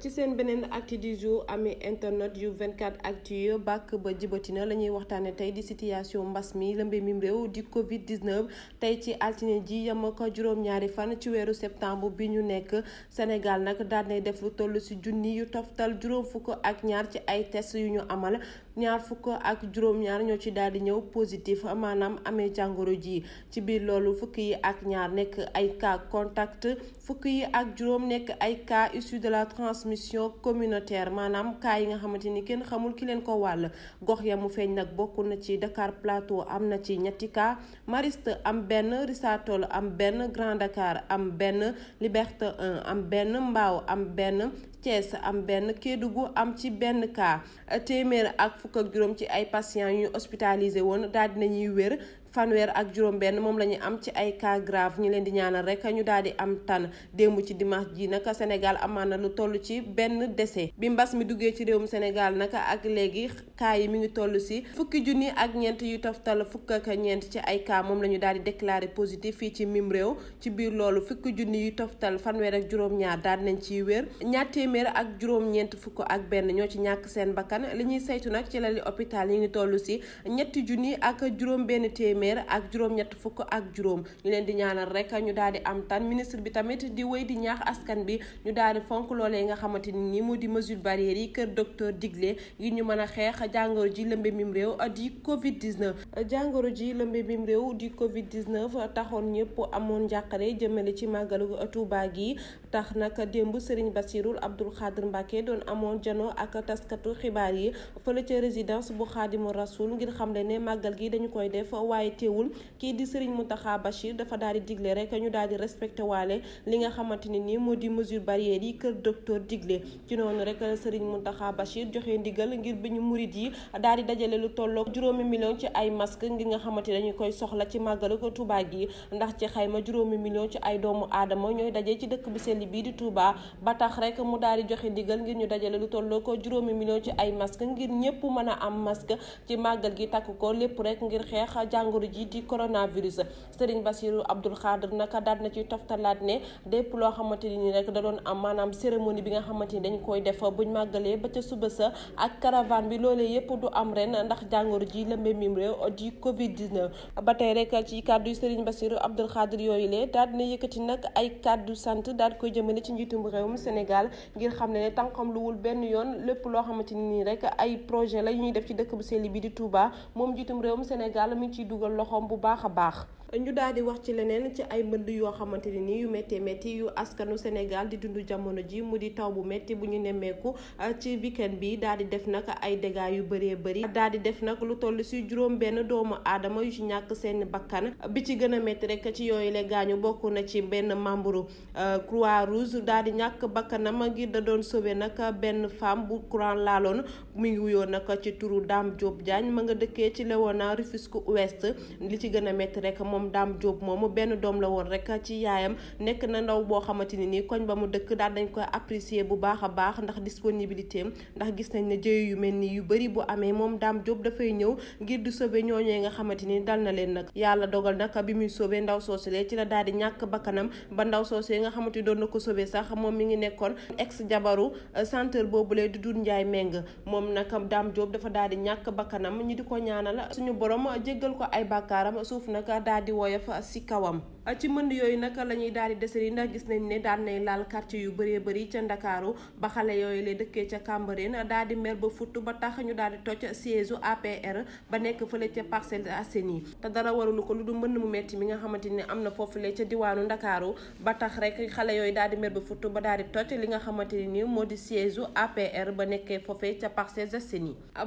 ci seen beneen actu du amee internet yu 24 actu yu bàkk ba jibatina la ñuy waxtaane tey di situation mbas mi lëmbe mim réew di covid 19 tey ci altine ji yam ak juróom-ñaari fan ci weeru septembre bi ñu nekk Sénégal nag daal nay def lu toll si junni yu toftal juróom fukk ak ñaar ci ay test yu ñu amal ñaar fukk ak juróom-ñaar ñoo ci daal di ñëw positif maanaam amee jàngoro ji ci biir loolu fukk yi ak ñaar nekk ay cas contact fukk yi ak juróom nekk ay cas issus de la transmission communautaire maanaam cas yi nga xamante ni kenn xamul ki leen ko wàll gox ya mu feeñ nag bokk na ci Dakar Plateau am na ci ñetti cas Mariste am benn Risatol am benn Grand Dakar am benn Liberté 1 am benn mbaaw am benn Thiès am benn Kédougou am ci benn cas téeméer ak fukk ak juróom ci ay patients yu hospitalisé woon daal dinañuy wér fanweer ak juróom-benn moom la ñu am ci ay cas grave ñu leen di ñaanal rek ñu daal di am tan démb ci dimanche ji naka Sénégal amaan na lu toll ci benn décès bi mbas mi duggee ci réewum Sénégal naka ak léegi kaa yi mu ngi toll si fukki junni ak ñeent yu toftal fukk ak ñeent ci ay cas moom la ñu daal di déclaré positif fii ci mim réew ci biir loolu fukki junni yi toftal fanweer ak juróom-ñaar daal nañ ciy wér ñaar téeméer ak juróom-ñeent fukk ak benn ñoo ci ñàkk seen bakkan li ñuy saytu nag ci lali hôpital yi ngi toll si ak juróom téeméer ak juróom ñett fukk ak juróom ñu leen di ñaanal rek ñu daal di am tan ministre bi tamit di wéy di ñaax askan bi ñu daal di fonk loolee nga xamante ni nii mu di mesure barrière yi kër docteur digle ngir ñu mën a xeex jàngoro ji lëmbe mim réew di covid 19 jàngoro ji lëmbe réew di covid 19 taxoon ñëpp amoon njàqare li ci màggalu Tuubaa gi tax nag démb Serigne Bassirul Abdoul Khadr Mbacke doon amoon jano ak taskatu xibaar yi fële ca résidence bu Xaadimu Rasul ngir xamle ne màggal gi dañu koy def waaye teewul kii di Serigne Mountakha Bachir dafa daal di digle rek ñu daal di respecté waale li nga xamante ni nii moo di mesure barrière yi kër docteur digle ci noonu rek Serigne Mountakha Bachir joxe ndigal ngir bi ñu murit yi daal di dajale lu tolloog juróomi million ci ay masque ngir nga xamante dañu koy soxla ci màggalu ko Tuubaa gi ndax ci xayma juróomi million ci ay doomu aadama ñooy daje ci dëkk bi sell di Touba ba tax rek mu daal di joxe ndigal ngir ñu dajale lu tolloo ko juróomi million ci ay masque ngir ñëpp mën a am masque ci màggal gi takk ko lépp rek ngir xeex jàngoro ji di coronavirus Serigne Bassirou Abdoul Khadr naka daal ne lépp da doon am maanaam cérémonie bi nga xamante ni dañ koy def buñ màggalee ba ca suba sa bi loolee yëpp du am ren ndax jàngoro ji lëmbe mim di Covid 19. ba tey rek ci kàddu Serigne Bassirou Abdoul Khadr yooyu lee daal dina yëkkati nag ay kàddu sant daal ko koy jëmale ci njiitum réewum Sénégal ngir xam ne ne tànqam luwul benn yoon lépp loo xamante ni nii rek ay projet la yu ñuy def ci dëkk bu sell bi di Touba moom njiitum réewum Sénégal mi ngi ciy dugal loxoom bu baax a baax ñu daal di wax ci leneen ci ay mbënd yoo xamante ne nii yu méttee métti yu askanu Sénégal di dundu jamono ji mu di taw bu métti bu ñu nemmeeku euh, ci weekend bi daal di def nag ay dégâts yu bëree bëri daal di def nag lu toll si juróom benn doomu aadama yu ci ñàkk seen bakkan bi ci gën a métti rek ci yooyu la gaañu bokk na ci benn membre euh, Croix Rouge daal di ñàkk bakkanam ngir da doon sauver nag benn femme bu courant laaloon mu ngi wuyoo nag ci turu Dame Diop Diagne ma nga dëkkee ci Léona Rufisque Ouest li ci gën a métti rek moom Dame Diop moomu benn doom la woon rek ci yaayam nekk na ndaw boo xamante ni nii koñ ba mu dëkk daal dañ koy apprécier bu baax a baax ndax disponibilité ndax gis nañ ne jëye yu mel ni yu bëri bu amee moom daam Diop dafay ñëw ngir di sauver ñooñee nga xamante ni dal na leen nag yàlla dogal nag bi muy sauver ndaw soosule ci la daal di ñàkk bakkanam ba ndaw soosule nga xamante ni doon na ko sauver sax moom mi ngi nekkoon ex jabaru euh, centre boobu lay du dun njaay méng moom nag Dame Diop dafa daal di ñàkk bakkanam ñi di ko ñaanal suñu borom jéggal ko ay bàkkaaram suuf nag daal di woyof ci kawam ci mën yooyu nag la ñuy daal di desandi ndax gis nañ ne daan nay laal quartier yu bëree bëri ca Ndakaaru ba xale yooyu lay dëkkee ca di mer ba futt ba tax ñu daal di toj siège ba nekk fële ca Parcelles Assainies te dara warulu ko lu du mu metti mi nga xamante ni am na foofu foofule ca diwaanu Ndakaaru ba tax rek xale yooyu daal di mer ba futt ba daal di toj li nga xamante ni moo di siège APR ba nekkee foofee ca Parcelles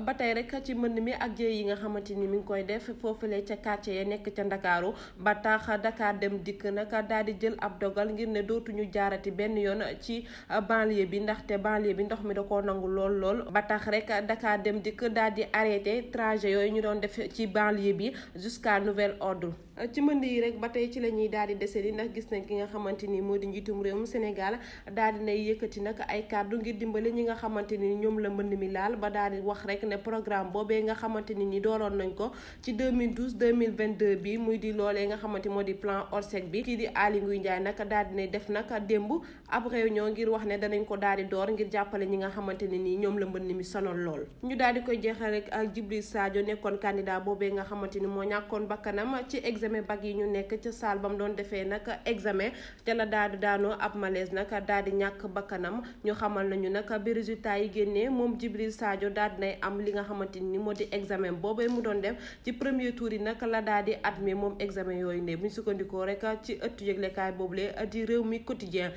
ba tey rek ci mën mi ak jëy yi nga xamante ni mi ngi koy def foofule ca quartier ya nekk ca Ndakaaru ba tax Dakar dem dem dikk nag daal di jël ab dogal ngir ne dootuñu jaarati benn yoon ci banlieue bi ndaxte banlieue bi ndox mi da koo nangu lool lool ba tax rek Dakar dem dikk daal di arrêté trajet yooyu ñu doon def ci banlieue bi jusqu'à nouvel ordre ci mbënd yi rek ba tey ci la ñuy daal di dese ni ndax gis nañ ki nga xamante ni moo di njiitum réewum Sénégal daal di nay yëkkati nag ay kàddu ngir dimbali ñi nga xamante ni ñoom la mbënd mi laal ba daal di wax rek ne programme boobee nga xamante ni ni dooroon nañ ko ci 2012 2022 bi muy di loolee nga xamante moo di ORSEC bi kii di Aly Ngouille Ndiaye nag daal dina def naka démb ab réunion ngir wax ne danañ ko daal di door ngir jàppale ñi nga xamante ne nii ñoom la mbënn mi sonal lool ñu daal di koy jeexal rek ak Djibril Sadio nekkoon candidat boobee nga xamante ni moo ñàkkoon bakkanam ci examen yi ñu nekk ca saal ba mu doon defee nag examen te la daal di ab malaise nag daal di ñàkk bakkanam ñu xamal nañu nag bi résultat yi génnee moom Djibril Sadio daal dinay am li nga xamante ni moo di examen boobee mu doon def ci premier tour yi nag la daal di admis moom examen yooyu ne bu ñu sukkandikoo rek ci ëttu yëglekaay boobule di réew mi quotidien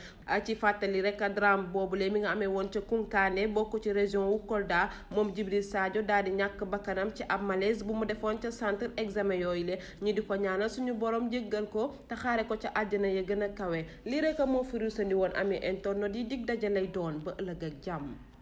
ci fàttali rek drame boobule mi nga amee woon ca Kounkané bokk ci région wu Kolda moom Djibril Sadio daal di ñàkk bakkanam ci ab malaise bu mu defoon ca centre examen yooyu le ñi di ko ñaanal suñu borom jéggal ko te xaare ko ca àjjana ya gën a kawe lii rek moo fi ruusandi woon amee internet yi dig dajalay doon ba ëllëg ak jàmm